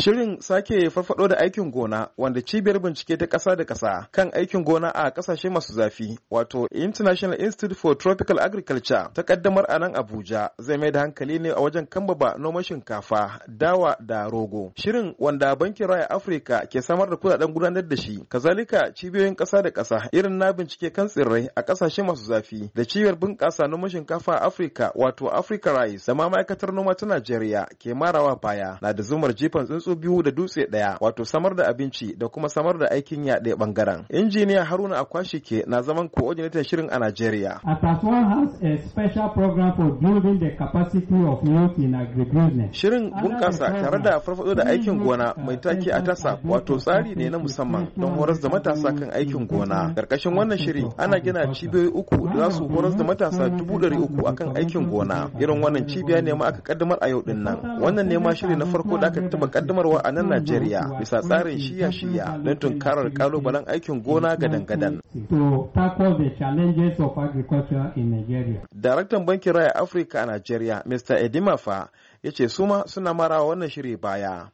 Shirin sake farfado da aikin gona wanda cibiyar bincike ta ƙasa da ƙasa kan aikin gona a ƙasashe masu zafi wato International Institute for Tropical Agriculture ta kaddamar a nan Abuja zai mai da hankali ne a wajen kambaba noman shinkafa, dawa da rogo. Shirin wanda Bankin Raya Afirka ke samar da kudaden gudanar da shi, kazalika cibiyoyin ƙasa da ƙasa irin na bincike kan tsirrai a ƙasashe masu zafi da cibiyar bunƙasa noman shinkafa a Afirka wato Africa Rice da ma ma'aikatar noma ta Najeriya ke marawa baya na da zumar jifan tsuntsu tsuntsu biyu da dutse ɗaya wato samar da abinci da kuma samar da aikin yaɗe ɓangaren. Injiniya Haruna Akwashi ke na zaman coordinator shirin a Najeriya. Ataswan has a special program for building the capacity of youth in Shirin bunƙasa tare da farfaɗo da aikin gona mai uh, take a tasa wato tsari ne na musamman don horas da matasa kan aikin gona. Karkashin wannan shiri ana gina cibiyoyi uku da za su horas da matasa dubu ɗari uku akan aikin gona. Irin wannan cibiya ne ma aka kaddamar a yau ɗin nan. Wannan ne ma shiri na farko da aka taɓa kaddamar samarwa a nan Najeriya bisa tsarin shiya-shiya don tunkarar kalubalen aikin gona gadan-gadan. Daraktan Bankin Raya Afirka a Najeriya, Mr. Edimafa. ya ce su suna mara wannan shiri baya.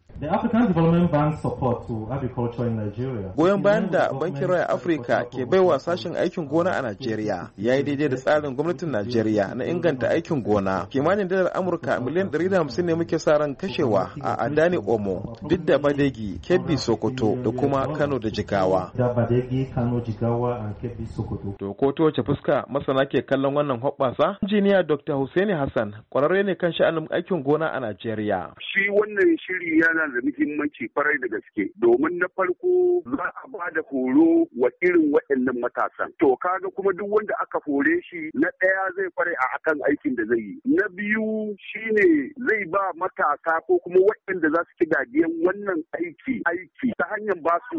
Goyon bayan da Bankin Raya Afirka ke baiwa sashen aikin gona a Najeriya ya yi daidai da tsarin gwamnatin Najeriya na inganta aikin gona. Kimanin dalar Amurka miliyan 150 ne muke sa ran kashewa a Adani Omo, duk da Badegi, Kebbi Sokoto da kuma Kano da Jigawa. To fuska masana ke kallon wannan hoɓɓasa? Injiniya Dr. Hussaini Hassan kwararre ne kan sha'anin aikin gona gona a Najeriya. Shi wannan shiri yana da muhimmanci farai da gaske domin na farko za a ba da horo wa irin waɗannan matasan. To kaga kuma duk wanda aka hore shi na ɗaya zai fara a akan aikin da zai yi. Na biyu shine zai ba matasa ko kuma waɗanda za su ci gajiyan wannan aiki aiki ta hanyar ba su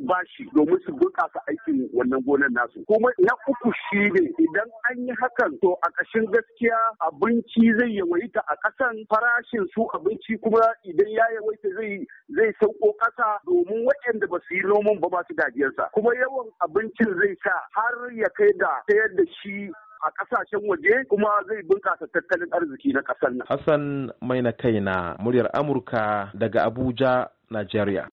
bashi domin su bunƙasa aikin wannan gonar nasu. Kuma na uku shine idan an yi hakan to a ƙashin gaskiya abinci zai yawaita a ƙasan farashin su abinci kuma idan ya yawaita zai zai sauko ƙasa domin waɗanda ba su yi noman ba masu su gajiyarsa kuma yawan abincin zai sa har ya kai da sayar da shi a kasashen waje kuma zai bunkasa tattalin arziki na ƙasar nan. Hassan mai na kaina muryar Amurka daga Abuja, Najeriya.